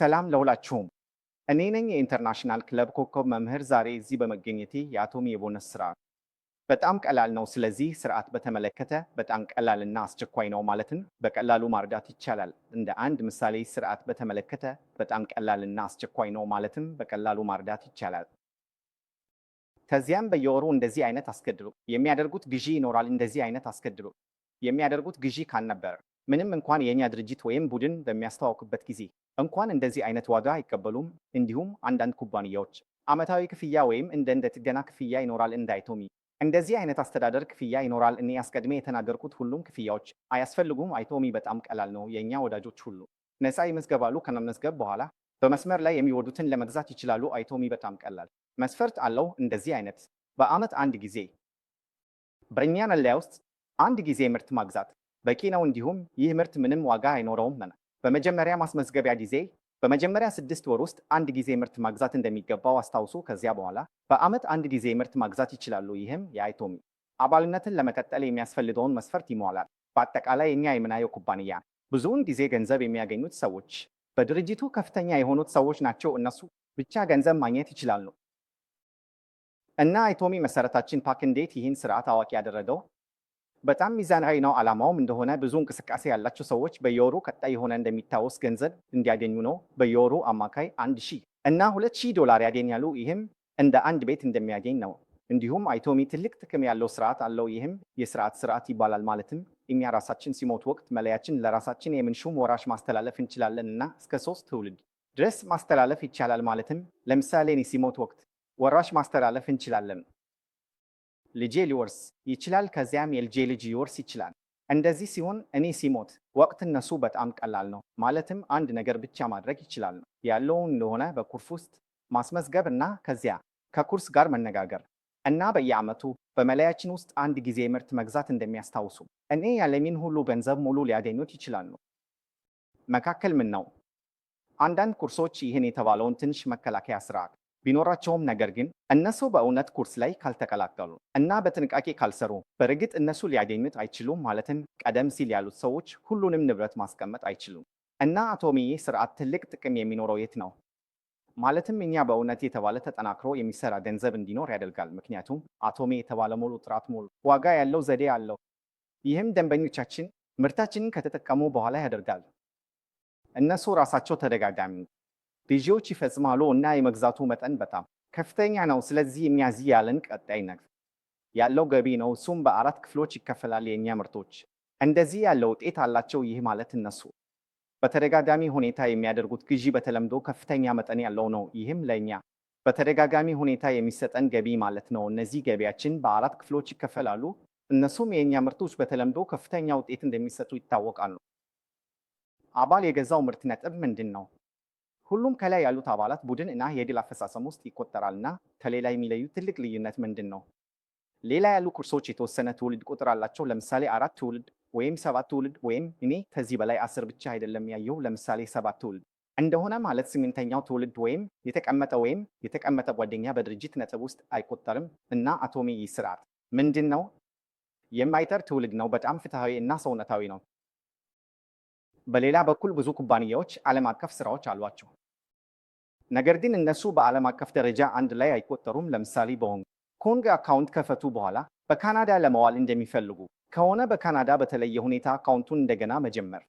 ሰላም ለሁላችሁም። እኔ ነኝ የኢንተርናሽናል ክለብ ኮከብ መምህር። ዛሬ እዚህ በመገኘቴ የአቶም የቦነስ ስራ በጣም ቀላል ነው። ስለዚህ ስርዓት በተመለከተ በጣም ቀላልና አስቸኳይ ነው ማለትን በቀላሉ ማርዳት ይቻላል። እንደ አንድ ምሳሌ ስርዓት በተመለከተ በጣም ቀላልና አስቸኳይ ነው ማለትም በቀላሉ ማርዳት ይቻላል። ከዚያም በየወሩ እንደዚህ አይነት አስገድሉ የሚያደርጉት ግዢ ይኖራል። እንደዚህ አይነት አስገድሉ የሚያደርጉት ግዢ ካልነበር ምንም እንኳን የእኛ ድርጅት ወይም ቡድን በሚያስተዋውቅበት ጊዜ እንኳን እንደዚህ አይነት ዋጋ አይቀበሉም። እንዲሁም አንዳንድ ኩባንያዎች ዓመታዊ ክፍያ ወይም እንደ እንደ ጥገና ክፍያ ይኖራል። እንዳይቶሚ እንደዚህ አይነት አስተዳደር ክፍያ ይኖራል። እኔ አስቀድሜ የተናገርኩት ሁሉም ክፍያዎች አያስፈልጉም። አይቶሚ በጣም ቀላል ነው። የእኛ ወዳጆች ሁሉ ነፃ ይመዝገባሉ። ከመመዝገብ በኋላ በመስመር ላይ የሚወዱትን ለመግዛት ይችላሉ። አይቶሚ በጣም ቀላል መስፈርት አለው። እንደዚህ አይነት በዓመት አንድ ጊዜ በእኛ መለያ ውስጥ አንድ ጊዜ ምርት ማግዛት በቂ ነው። እንዲሁም ይህ ምርት ምንም ዋጋ አይኖረውም መናል። በመጀመሪያ ማስመዝገቢያ ጊዜ በመጀመሪያ ስድስት ወር ውስጥ አንድ ጊዜ ምርት ማግዛት እንደሚገባው አስታውሱ። ከዚያ በኋላ በዓመት አንድ ጊዜ ምርት ማግዛት ይችላሉ። ይህም የአይቶሚ አባልነትን ለመቀጠል የሚያስፈልገውን መስፈርት ይሟላል። በአጠቃላይ እኛ የምናየው ኩባንያ ብዙውን ጊዜ ገንዘብ የሚያገኙት ሰዎች በድርጅቱ ከፍተኛ የሆኑት ሰዎች ናቸው። እነሱ ብቻ ገንዘብ ማግኘት ይችላሉ። እና አይቶሚ መሰረታችን ፓክ እንዴት ይህን ስርዓት አዋቂ ያደረገው በጣም ሚዛናዊ ነው። አላማውም እንደሆነ ብዙ እንቅስቃሴ ያላቸው ሰዎች በየወሩ ቀጣይ የሆነ እንደሚታወስ ገንዘብ እንዲያገኙ ነው። በየወሩ አማካይ አንድ ሺህ እና ሁለት ሺህ ዶላር ያገኛሉ። ይህም እንደ አንድ ቤት እንደሚያገኝ ነው። እንዲሁም አይቶሚ ትልቅ ጥቅም ያለው ስርዓት አለው። ይህም የስርዓት ስርዓት ይባላል። ማለትም እኛ ራሳችን ሲሞት ወቅት መለያችን ለራሳችን የምንሹም ወራሽ ማስተላለፍ እንችላለን እና እስከ ሶስት ትውልድ ድረስ ማስተላለፍ ይቻላል። ማለትም ለምሳሌ እኔ ሲሞት ወቅት ወራሽ ማስተላለፍ እንችላለን። ልጄ ሊወርስ ይችላል። ከዚያም የልጄ ልጅ ሊወርስ ይችላል። እንደዚህ ሲሆን እኔ ሲሞት ወቅት እነሱ በጣም ቀላል ነው። ማለትም አንድ ነገር ብቻ ማድረግ ይችላል ነው ያለውን እንደሆነ በኩርፍ ውስጥ ማስመዝገብ እና ከዚያ ከኩርስ ጋር መነጋገር እና በየዓመቱ በመለያችን ውስጥ አንድ ጊዜ ምርት መግዛት እንደሚያስታውሱ እኔ ያለሚን ሁሉ ገንዘብ ሙሉ ሊያገኙት ይችላሉ። መካከል ምን ነው? አንዳንድ ኩርሶች ይህን የተባለውን ትንሽ መከላከያ ስርዓት ቢኖራቸውም ነገር ግን እነሱ በእውነት ኩርስ ላይ ካልተቀላቀሉ እና በጥንቃቄ ካልሰሩ በእርግጥ እነሱ ሊያገኙት አይችሉም። ማለትም ቀደም ሲል ያሉት ሰዎች ሁሉንም ንብረት ማስቀመጥ አይችሉም። እና አቶሚዬ ስርዓት ትልቅ ጥቅም የሚኖረው የት ነው? ማለትም እኛ በእውነት የተባለ ተጠናክሮ የሚሰራ ገንዘብ እንዲኖር ያደርጋል። ምክንያቱም አቶሜ የተባለ ሙሉ ጥራት፣ ሙሉ ዋጋ ያለው ዘዴ አለው። ይህም ደንበኞቻችን ምርታችንን ከተጠቀሙ በኋላ ያደርጋል። እነሱ ራሳቸው ተደጋጋሚ ልጆች ይፈጽማሉ እና የመግዛቱ መጠን በጣም ከፍተኛ ነው። ስለዚህ እዚህ ያለን ነገር ያለው ገቢ ነው። እሱም በአራት ክፍሎች ይከፈላል። የእኛ ምርቶች እንደዚህ ያለ ውጤት አላቸው። ይህ ማለት እነሱ በተደጋጋሚ ሁኔታ የሚያደርጉት ግዢ በተለምዶ ከፍተኛ መጠን ያለው ነው። ይህም ለእኛ በተደጋጋሚ ሁኔታ የሚሰጠን ገቢ ማለት ነው። እነዚህ ገቢያችን በአራት ክፍሎች ይከፈላሉ። እነሱም የእኛ ምርቶች በተለምዶ ከፍተኛ ውጤት እንደሚሰጡ ይታወቃሉ። አባል የገዛው ምርት ነጥብ ምንድን ነው? ሁሉም ከላይ ያሉት አባላት ቡድን እና የድል አፈጻጸም ውስጥ ይቆጠራል እና ከሌላ የሚለዩ ትልቅ ልዩነት ምንድን ነው? ሌላ ያሉ ቁርሶች የተወሰነ ትውልድ ቁጥር አላቸው። ለምሳሌ አራት ትውልድ ወይም ሰባት ትውልድ ወይም እኔ ከዚህ በላይ አስር ብቻ አይደለም ያየው። ለምሳሌ ሰባት ትውልድ እንደሆነ ማለት ስምንተኛው ትውልድ ወይም የተቀመጠ ወይም የተቀመጠ ጓደኛ በድርጅት ነጥብ ውስጥ አይቆጠርም እና አቶሚ ይህ ስርዓት ምንድን ነው? የማይጠር ትውልድ ነው። በጣም ፍትሐዊ እና ሰውነታዊ ነው። በሌላ በኩል ብዙ ኩባንያዎች ዓለም አቀፍ ስራዎች አሏቸው። ነገር ግን እነሱ በዓለም አቀፍ ደረጃ አንድ ላይ አይቆጠሩም። ለምሳሌ በሆንግ ኮንግ አካውንት ከፈቱ በኋላ በካናዳ ለመዋል እንደሚፈልጉ ከሆነ በካናዳ በተለየ ሁኔታ አካውንቱን እንደገና መጀመር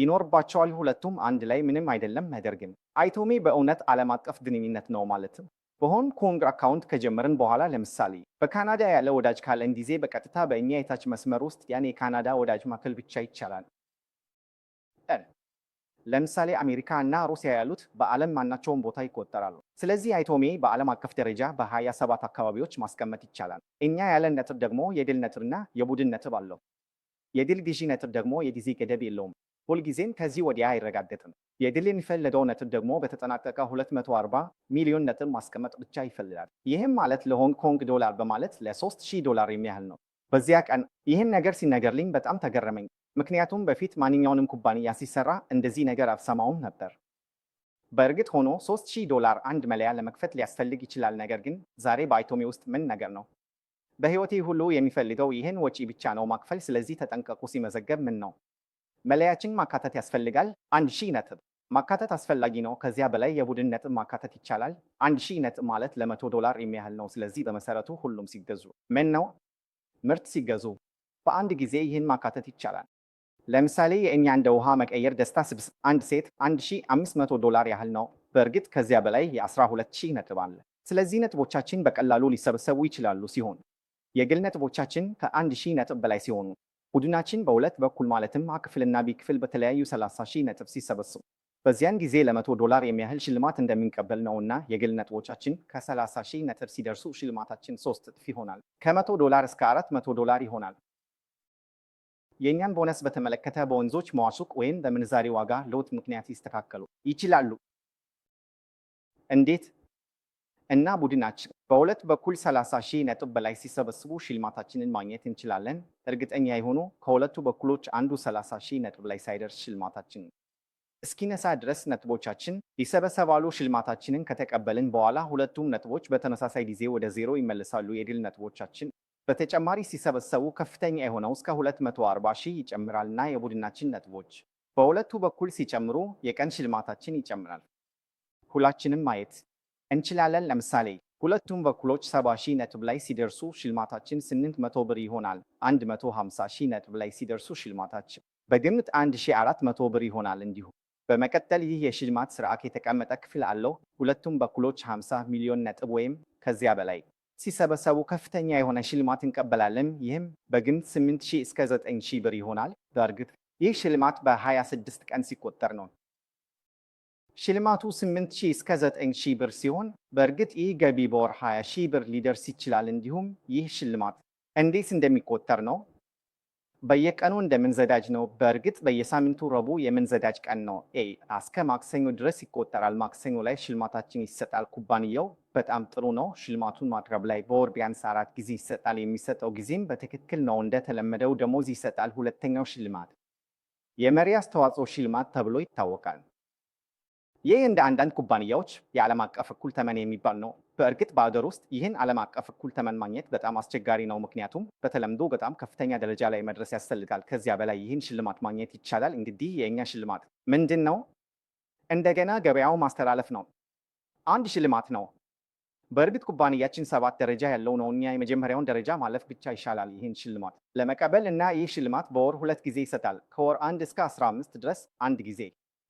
ይኖርባቸዋል። ሁለቱም አንድ ላይ ምንም አይደለም። ነገር ግን አይቶሜ በእውነት ዓለም አቀፍ ግንኙነት ነው ማለትም በሆንግ ኮንግ አካውንት ከጀመርን በኋላ ለምሳሌ በካናዳ ያለ ወዳጅ ካለን ጊዜ በቀጥታ በእኛ የታች መስመር ውስጥ ያን የካናዳ ወዳጅ ማከል ብቻ ይቻላል። መጠን ለምሳሌ አሜሪካ እና ሩሲያ ያሉት በዓለም ማናቸውም ቦታ ይቆጠራሉ። ስለዚህ አይቶሜ በዓለም አቀፍ ደረጃ በ27 አካባቢዎች ማስቀመጥ ይቻላል። እኛ ያለን ነጥብ ደግሞ የድል ነጥብና የቡድን ነጥብ አለው። የድል ግዢ ነጥብ ደግሞ የጊዜ ገደብ የለውም። ሁልጊዜም ከዚህ ወዲያ አይረጋገጥም። የድል የሚፈልገው ነጥብ ደግሞ በተጠናቀቀ 240 ሚሊዮን ነጥብ ማስቀመጥ ብቻ ይፈልጋል። ይህም ማለት ለሆንግ ኮንግ ዶላር በማለት ለ3000 ዶላር የሚያህል ነው በዚያ ቀን። ይህን ነገር ሲነገርልኝ በጣም ተገረመኝ። ምክንያቱም በፊት ማንኛውንም ኩባንያ ሲሰራ እንደዚህ ነገር አልሰማውም ነበር። በእርግጥ ሆኖ 3000 ዶላር አንድ መለያ ለመክፈት ሊያስፈልግ ይችላል። ነገር ግን ዛሬ በአይቶሚ ውስጥ ምን ነገር ነው? በህይወቴ ሁሉ የሚፈልገው ይህን ወጪ ብቻ ነው ማክፈል። ስለዚህ ተጠንቀቁ። ሲመዘገብ ምን ነው መለያችን ማካተት ያስፈልጋል። አንድ ሺህ ነጥብ ማካተት አስፈላጊ ነው። ከዚያ በላይ የቡድን ነጥብ ማካተት ይቻላል። አንድ ሺህ ነጥብ ማለት ለመቶ ዶላር የሚያህል ነው። ስለዚህ በመሰረቱ ሁሉም ሲገዙ ምን ነው ምርት ሲገዙ በአንድ ጊዜ ይህን ማካተት ይቻላል። ለምሳሌ የእኛ እንደ ውሃ መቀየር ደስታ አንድ ሴት 1500 ዶላር ያህል ነው። በእርግጥ ከዚያ በላይ የ12000 ነጥብ አለ። ስለዚህ ነጥቦቻችን በቀላሉ ሊሰበሰቡ ይችላሉ ሲሆን የግል ነጥቦቻችን ከ1000 ነጥብ በላይ ሲሆኑ ቡድናችን በሁለት በኩል ማለትም አ ክፍልና ቢ ክፍል በተለያዩ 30000 ነጥብ ሲሰበስቡ በዚያን ጊዜ ለመቶ ዶላር የሚያህል ሽልማት እንደሚቀበል ነው እና የግል ነጥቦቻችን ከ30 ሺህ ነጥብ ሲደርሱ ሽልማታችን ሶስት እጥፍ ይሆናል። ከመቶ ዶላር እስከ አራት መቶ ዶላር ይሆናል። የእኛን ቦነስ በተመለከተ በወንዞች መዋሱቅ ወይም በምንዛሬ ዋጋ ለውጥ ምክንያት ይስተካከሉ ይችላሉ። እንዴት እና ቡድናችን በሁለት በኩል 30 ሺህ ነጥብ በላይ ሲሰበስቡ ሽልማታችንን ማግኘት እንችላለን። እርግጠኛ የሆኑ ከሁለቱ በኩሎች አንዱ 30 ሺህ ነጥብ ላይ ሳይደርስ ሽልማታችን እስኪነሳ ድረስ ነጥቦቻችን ይሰበሰባሉ። ሽልማታችንን ከተቀበልን በኋላ ሁለቱም ነጥቦች በተመሳሳይ ጊዜ ወደ ዜሮ ይመለሳሉ። የድል ነጥቦቻችን በተጨማሪ ሲሰበሰቡ ከፍተኛ የሆነው እስከ 240 ሺህ ይጨምራልና የቡድናችን ነጥቦች በሁለቱ በኩል ሲጨምሩ የቀን ሽልማታችን ይጨምራል። ሁላችንም ማየት እንችላለን። ለምሳሌ ሁለቱም በኩሎች 70 ሺህ ነጥብ ላይ ሲደርሱ ሽልማታችን 800 ብር ይሆናል። 150 ሺህ ነጥብ ላይ ሲደርሱ ሽልማታችን በግምት 1400 ብር ይሆናል። እንዲሁም በመቀጠል ይህ የሽልማት ስርዓት የተቀመጠ ክፍል አለው። ሁለቱም በኩሎች 50 ሚሊዮን ነጥብ ወይም ከዚያ በላይ ሲሰበሰቡ ከፍተኛ የሆነ ሽልማት እንቀበላለን። ይህም በግምት ሺህ እስከ ሺህ ብር ይሆናል። በእርግጥ ይህ ሽልማት በ26 ቀን ሲቆጠር ነው። ሽልማቱ ሺህ እስከ ሺህ ብር ሲሆን በእርግጥ ይህ ገቢ በወር 20000 ብር ሊደርስ ይችላል። እንዲሁም ይህ ሽልማት እንዴት እንደሚቆጠር ነው። በየቀኑ እንደምንዘዳጅ ነው። በእርግጥ በየሳምንቱ ረቡዕ የምንዘዳጅ ቀን ነው። ኤ እስከ ማክሰኞ ድረስ ይቆጠራል። ማክሰኞ ላይ ሽልማታችን ይሰጣል። ኩባንያው በጣም ጥሩ ነው። ሽልማቱን ማቅረብ ላይ በወር ቢያንስ አራት ጊዜ ይሰጣል። የሚሰጠው ጊዜም በትክክል ነው። እንደተለመደው ደሞዝ ይሰጣል። ሁለተኛው ሽልማት የመሪ አስተዋጽኦ ሽልማት ተብሎ ይታወቃል። ይህ እንደ አንዳንድ ኩባንያዎች የዓለም አቀፍ እኩል ተመን የሚባል ነው። በእርግጥ በአገር ውስጥ ይህን ዓለም አቀፍ እኩል ተመን ማግኘት በጣም አስቸጋሪ ነው፣ ምክንያቱም በተለምዶ በጣም ከፍተኛ ደረጃ ላይ መድረስ ያስፈልጋል። ከዚያ በላይ ይህን ሽልማት ማግኘት ይቻላል። እንግዲህ የእኛ ሽልማት ምንድን ነው? እንደገና ገበያው ማስተላለፍ ነው። አንድ ሽልማት ነው በእርግጥ ኩባንያችን ሰባት ደረጃ ያለው ነው። እኛ የመጀመሪያውን ደረጃ ማለፍ ብቻ ይሻላል። ይህን ሽልማት ለመቀበል እና ይህ ሽልማት በወር ሁለት ጊዜ ይሰጣል። ከወር አንድ እስከ 15 ድረስ አንድ ጊዜ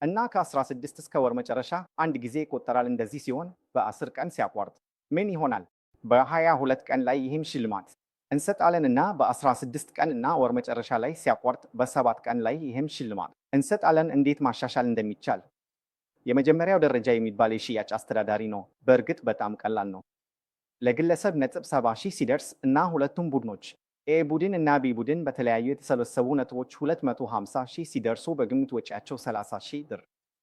እና ከ16 እስከ ወር መጨረሻ አንድ ጊዜ ይቆጠራል። እንደዚህ ሲሆን በ10 ቀን ሲያቋርጥ ምን ይሆናል? በ22 ቀን ላይ ይህም ሽልማት እንሰጣለን እና በ16 ቀን እና ወር መጨረሻ ላይ ሲያቋርጥ በሰባት ቀን ላይ ይህም ሽልማት እንሰጣለን። እንዴት ማሻሻል እንደሚቻል የመጀመሪያው ደረጃ የሚባል የሽያጭ አስተዳዳሪ ነው። በእርግጥ በጣም ቀላል ነው። ለግለሰብ ነጥብ ሰባ ሺህ ሲደርስ እና ሁለቱም ቡድኖች ኤ ቡድን እና ቢ ቡድን በተለያዩ የተሰበሰቡ ነጥቦች 250 ሺህ ሲደርሱ በግምት ወጪያቸው 30 ሺህ ብር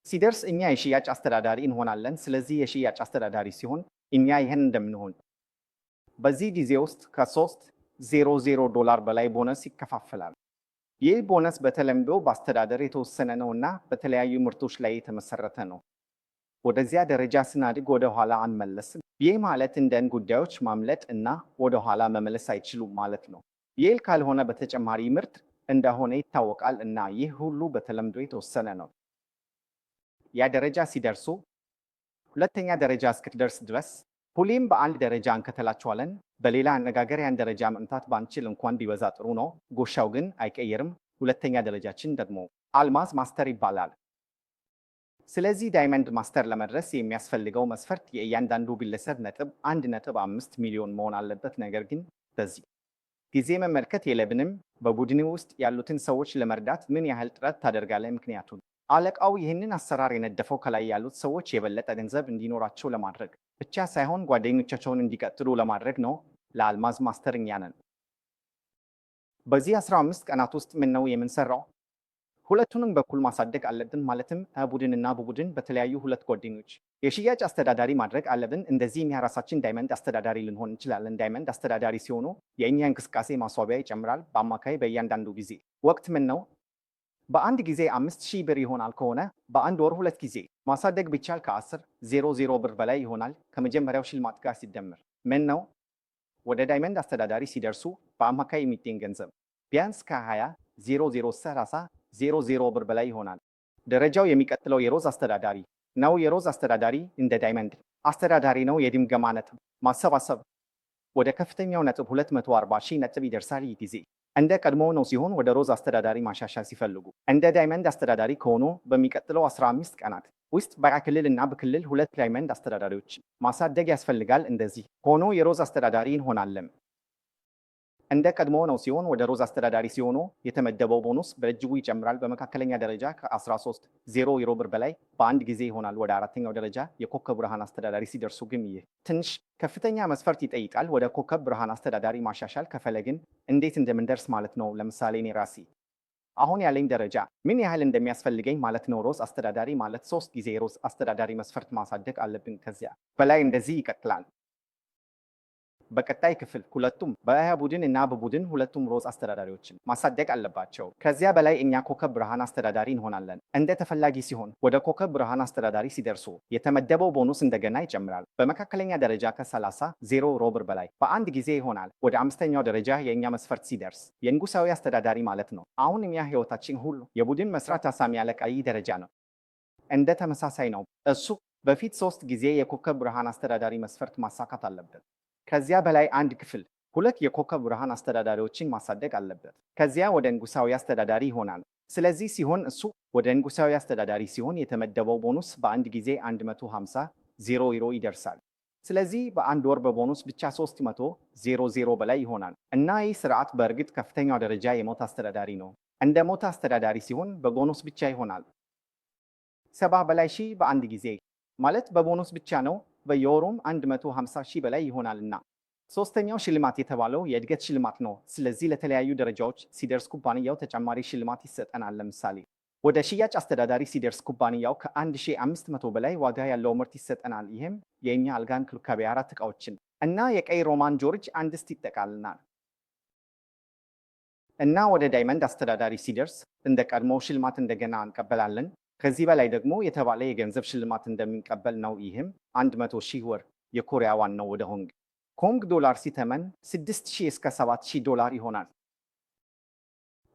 ሲደርስ እኛ የሽያጭ አስተዳዳሪ እንሆናለን። ስለዚህ የሽያጭ አስተዳዳሪ ሲሆን እኛ ይህን እንደምንሆን በዚህ ጊዜ ውስጥ ከ 00 ዶላር በላይ ቦነስ ይከፋፈላል። ይህ ቦነስ በተለምዶ በአስተዳደር የተወሰነ ነው እና በተለያዩ ምርቶች ላይ የተመሰረተ ነው። ወደዚያ ደረጃ ስናድግ ወደኋላ አንመለስም። ይህ ማለት እንደን ጉዳዮች ማምለጥ እና ወደኋላ መመለስ አይችሉም ማለት ነው። ይህ ካልሆነ በተጨማሪ ምርት እንደሆነ ይታወቃል እና ይህ ሁሉ በተለምዶ የተወሰነ ነው። ያ ደረጃ ሲደርሱ ሁለተኛ ደረጃ እስክትደርስ ድረስ ሁሌም በአንድ ደረጃ እንከተላቸዋለን። በሌላ አነጋገር ያን ደረጃ መምታት ባንችል እንኳን ቢበዛ ጥሩ ነው። ጎሻው ግን አይቀየርም። ሁለተኛ ደረጃችን ደግሞ አልማዝ ማስተር ይባላል። ስለዚህ ዳይመንድ ማስተር ለመድረስ የሚያስፈልገው መስፈርት የእያንዳንዱ ግለሰብ ነጥብ አንድ ነጥብ አምስት ሚሊዮን መሆን አለበት። ነገር ግን በዚህ ጊዜ መመልከት የለብንም በቡድን ውስጥ ያሉትን ሰዎች ለመርዳት ምን ያህል ጥረት ታደርጋለህ? ምክንያቱም አለቃው ይህንን አሰራር የነደፈው ከላይ ያሉት ሰዎች የበለጠ ገንዘብ እንዲኖራቸው ለማድረግ ብቻ ሳይሆን ጓደኞቻቸውን እንዲቀጥሉ ለማድረግ ነው። ለአልማዝ ማስተር እኛ ነን። በዚህ 15 ቀናት ውስጥ ምን ነው የምንሰራው? ሁለቱንም በኩል ማሳደግ አለብን። ማለትም ቡድንና ቡድን በተለያዩ ሁለት ጓደኞች የሽያጭ አስተዳዳሪ ማድረግ አለብን። እንደዚህም የራሳችን ዳይመንድ አስተዳዳሪ ልንሆን እንችላለን። ዳይመንድ አስተዳዳሪ ሲሆኑ የእኛ እንቅስቃሴ ማስዋቢያ ይጨምራል። በአማካይ በእያንዳንዱ ጊዜ ወቅት ምን ነው በአንድ ጊዜ አምስት ሺህ ብር ይሆናል ከሆነ በአንድ ወር ሁለት ጊዜ ማሳደግ ቢቻል ከአስር ዜሮ ዜሮ ብር በላይ ይሆናል ከመጀመሪያው ሽልማት ጋር ሲደምር። ምን ነው ወደ ዳይመንድ አስተዳዳሪ ሲደርሱ በአማካይ የሚገኝ ገንዘብ ቢያንስ ከ20 ዜሮ ዜሮ ሰላሳ ዜሮ ዜሮ ብር በላይ ይሆናል። ደረጃው የሚቀጥለው የሮዝ አስተዳዳሪ ነው። የሮዝ አስተዳዳሪ እንደ ዳይመንድ አስተዳዳሪ ነው። የድምገማ ነጥብ ማሰባሰብ ወደ ከፍተኛው ነጥብ 240 ሺህ ነጥብ ይደርሳል ይህ ጊዜ እንደ ቀድሞው ነው ሲሆን ወደ ሮዝ አስተዳዳሪ ማሻሻል ሲፈልጉ እንደ ዳይመንድ አስተዳዳሪ ከሆኑ በሚቀጥለው 15 ቀናት ውስጥ በራ ክልል እና በክልል ሁለት ዳይመንድ አስተዳዳሪዎች ማሳደግ ያስፈልጋል። እንደዚህ ሆኖ የሮዝ አስተዳዳሪ እንሆናለን። እንደ ቀድሞ ነው ሲሆን ወደ ሮዝ አስተዳዳሪ ሲሆኑ የተመደበው ቦኑስ በእጅጉ ይጨምራል። በመካከለኛ ደረጃ ከ13 ዜሮ ዩሮ ብር በላይ በአንድ ጊዜ ይሆናል። ወደ አራተኛው ደረጃ የኮከብ ብርሃን አስተዳዳሪ ሲደርሱ ግን ይህ ትንሽ ከፍተኛ መስፈርት ይጠይቃል። ወደ ኮከብ ብርሃን አስተዳዳሪ ማሻሻል ከፈለግን እንዴት እንደምንደርስ ማለት ነው። ለምሳሌ እኔ ራሴ አሁን ያለኝ ደረጃ ምን ያህል እንደሚያስፈልገኝ ማለት ነው። ሮዝ አስተዳዳሪ ማለት ሶስት ጊዜ ሮዝ አስተዳዳሪ መስፈርት ማሳደግ አለብን። ከዚያ በላይ እንደዚህ ይቀጥላል። በቀጣይ ክፍል ሁለቱም በያ ቡድን እና በቡድን ሁለቱም ሮዝ አስተዳዳሪዎችን ማሳደግ አለባቸው። ከዚያ በላይ እኛ ኮከብ ብርሃን አስተዳዳሪ እንሆናለን። እንደ ተፈላጊ ሲሆን ወደ ኮከብ ብርሃን አስተዳዳሪ ሲደርሱ የተመደበው ቦኑስ እንደገና ይጨምራል። በመካከለኛ ደረጃ ከ30 ዜሮ ሮብር በላይ በአንድ ጊዜ ይሆናል። ወደ አምስተኛው ደረጃ የእኛ መስፈርት ሲደርስ የንጉሳዊ አስተዳዳሪ ማለት ነው። አሁን እኛ ህይወታችን ሁሉ የቡድን መስራት አሳሚ አለቃይ ደረጃ ነው። እንደ ተመሳሳይ ነው እሱ በፊት ሶስት ጊዜ የኮከብ ብርሃን አስተዳዳሪ መስፈርት ማሳካት አለብን። ከዚያ በላይ አንድ ክፍል ሁለት የኮከብ ብርሃን አስተዳዳሪዎችን ማሳደግ አለበት። ከዚያ ወደ ንጉሳዊ አስተዳዳሪ ይሆናል። ስለዚህ ሲሆን እሱ ወደ ንጉሳዊ አስተዳዳሪ ሲሆን የተመደበው ቦኑስ በአንድ ጊዜ 150 ዜሮ ዩሮ ይደርሳል። ስለዚህ በአንድ ወር በቦኑስ ብቻ 300 ዜሮ ዜሮ በላይ ይሆናል እና ይህ ስርዓት በእርግጥ ከፍተኛው ደረጃ የሞት አስተዳዳሪ ነው። እንደ ሞት አስተዳዳሪ ሲሆን በቦኑስ ብቻ ይሆናል። ሰባ በላይ ሺህ በአንድ ጊዜ ማለት በቦኑስ ብቻ ነው። በየወሩም 150 ሺህ በላይ ይሆናልና። ሶስተኛው ሽልማት የተባለው የእድገት ሽልማት ነው። ስለዚህ ለተለያዩ ደረጃዎች ሲደርስ ኩባንያው ተጨማሪ ሽልማት ይሰጠናል። ለምሳሌ ወደ ሽያጭ አስተዳዳሪ ሲደርስ ኩባንያው ከ1500 በላይ ዋጋ ያለው ምርት ይሰጠናል። ይህም የእኛ አልጋ እንክብካቤ፣ አራት እቃዎችን እና የቀይ ሮማን ጆርጅ አንድስት ስት ይጠቃልናል። እና ወደ ዳይመንድ አስተዳዳሪ ሲደርስ እንደ ቀድሞው ሽልማት እንደገና እንቀበላለን። ከዚህ በላይ ደግሞ የተባለ የገንዘብ ሽልማት እንደሚቀበል ነው። ይህም 100 ሺህ ወር የኮሪያ ዋናው ወደ ሆንግ ኮንግ ዶላር ሲተመን 6000 እስከ 7000 ዶላር ይሆናል።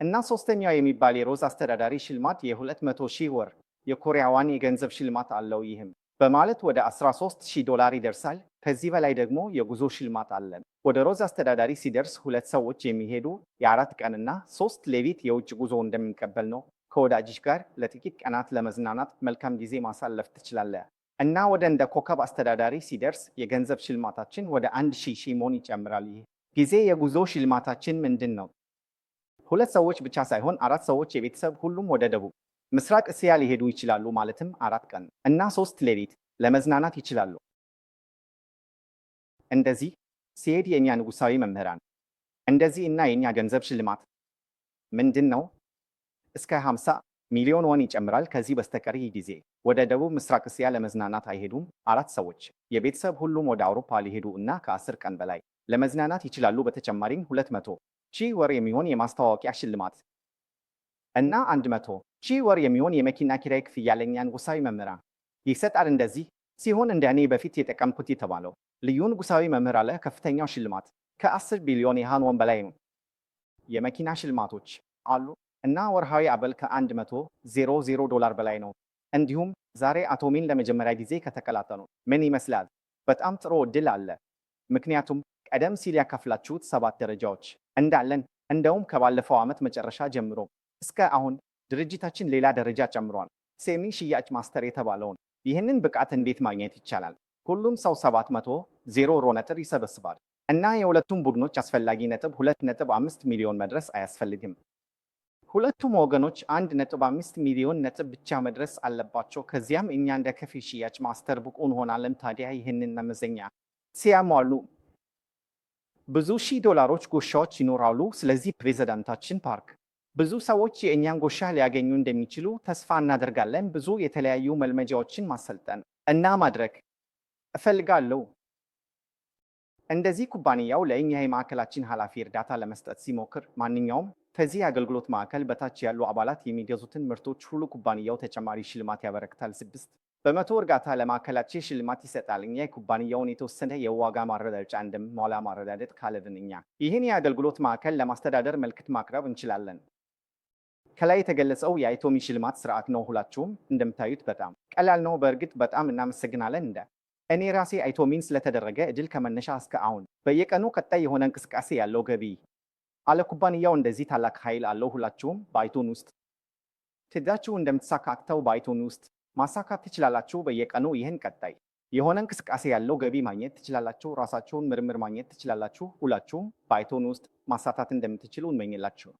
እና ሶስተኛው የሚባል የሮዝ አስተዳዳሪ ሽልማት የ200 ሺህ ወር የኮሪያዋን የገንዘብ ሽልማት አለው። ይህም በማለት ወደ 13000 ዶላር ይደርሳል። ከዚህ በላይ ደግሞ የጉዞ ሽልማት አለን። ወደ ሮዝ አስተዳዳሪ ሲደርስ ሁለት ሰዎች የሚሄዱ የአራት ቀንና ሶስት ሌሊት የውጭ ጉዞ እንደሚቀበል ነው። ከወዳጅሽ ጋር ለጥቂት ቀናት ለመዝናናት መልካም ጊዜ ማሳለፍ ትችላለህ እና ወደ እንደ ኮከብ አስተዳዳሪ ሲደርስ የገንዘብ ሽልማታችን ወደ አንድ ሺህ ሺሞን ይጨምራል። ይህ ጊዜ የጉዞ ሽልማታችን ምንድን ነው? ሁለት ሰዎች ብቻ ሳይሆን አራት ሰዎች የቤተሰብ ሁሉም ወደ ደቡብ ምስራቅ እስያ ሊሄዱ ይችላሉ፣ ማለትም አራት ቀን እና ሶስት ሌሊት ለመዝናናት ይችላሉ። እንደዚህ ሲሄድ የእኛ ንጉሳዊ መምህራን እንደዚህ እና የእኛ ገንዘብ ሽልማት ምንድን ነው? እስከ 50 ሚሊዮን ወን ይጨምራል። ከዚህ በስተቀር ይህ ጊዜ ወደ ደቡብ ምስራቅ እስያ ለመዝናናት አይሄዱም። አራት ሰዎች የቤተሰብ ሁሉም ወደ አውሮፓ ሊሄዱ እና ከአስር ቀን በላይ ለመዝናናት ይችላሉ። በተጨማሪም 200 ሺህ ወር የሚሆን የማስታወቂያ ሽልማት እና 100 ሺህ ወር የሚሆን የመኪና ኪራይ ክፍያ ለእኛን ጎሳዊ መምህራ ይሰጣል። እንደዚህ ሲሆን እንደ እኔ በፊት የጠቀምኩት የተባለው ልዩን ጎሳዊ መምህር አለ። ከፍተኛው ሽልማት ከ10 ቢሊዮን የሃን ወን በላይ ነው። የመኪና ሽልማቶች አሉ። እና ወርሃዊ አበል ከ100 ዶላር በላይ ነው። እንዲሁም ዛሬ አቶሚን ለመጀመሪያ ጊዜ ከተቀላጠኑ ምን ይመስላል? በጣም ጥሩ እድል አለ። ምክንያቱም ቀደም ሲል ያካፍላችሁት ሰባት ደረጃዎች እንዳለን እንደውም ከባለፈው ዓመት መጨረሻ ጀምሮ እስከ አሁን ድርጅታችን ሌላ ደረጃ ጨምሯል። ሴሚ ሽያጭ ማስተር የተባለውን ይህንን ብቃት እንዴት ማግኘት ይቻላል? ሁሉም ሰው 700 ሮ ነጥብ ይሰበስባል እና የሁለቱም ቡድኖች አስፈላጊ ነጥብ 2.5 ሚሊዮን መድረስ አያስፈልግም። ሁለቱም ወገኖች አንድ ነጥብ አምስት ሚሊዮን ነጥብ ብቻ መድረስ አለባቸው። ከዚያም እኛ እንደ ከፊል ሽያጭ ማስተር ብቁ እንሆናለን። ታዲያ ይህንን መመዘኛ ሲያሟሉ ብዙ ሺህ ዶላሮች ጎሻዎች ይኖራሉ። ስለዚህ ፕሬዚዳንታችን ፓርክ ብዙ ሰዎች የእኛን ጎሻ ሊያገኙ እንደሚችሉ ተስፋ እናደርጋለን። ብዙ የተለያዩ መልመጃዎችን ማሰልጠን እና ማድረግ እፈልጋለሁ። እንደዚህ ኩባንያው ለእኛ የማዕከላችን ኃላፊ እርዳታ ለመስጠት ሲሞክር ማንኛውም ከዚህ የአገልግሎት ማዕከል በታች ያሉ አባላት የሚገዙትን ምርቶች ሁሉ ኩባንያው ተጨማሪ ሽልማት ያበረክታል። ስድስት በመቶ እርጋታ ለማዕከላችን ሽልማት ይሰጣል። እኛ የኩባንያውን የተወሰነ የዋጋ ማረዳጫ እንደምንሞላ ማረዳደጥ ካለብን እኛ ይህን የአገልግሎት ማዕከል ለማስተዳደር መልክት ማቅረብ እንችላለን። ከላይ የተገለጸው የአይቶሚ ሽልማት ስርዓት ነው። ሁላችሁም እንደምታዩት በጣም ቀላል ነው። በእርግጥ በጣም እናመሰግናለን እንደ እኔ ራሴ አይቶሚን ስለተደረገ እድል ከመነሻ እስከ አሁን በየቀኑ ቀጣይ የሆነ እንቅስቃሴ ያለው ገቢ አለ ኩባንያው እንደዚህ ታላቅ ኃይል አለው። ሁላችሁም ባይቶን ውስጥ ትዳችሁ እንደምትሳካክተው ባይቶን ውስጥ ማሳካት ትችላላችሁ። በየቀኑ ይህን ቀጣይ የሆነ እንቅስቃሴ ያለው ገቢ ማግኘት ትችላላችሁ። ራሳችሁን ምርምር ማግኘት ትችላላችሁ። ሁላችሁም ባይቶን ውስጥ ማሳታት እንደምትችሉ እመኝላችሁ።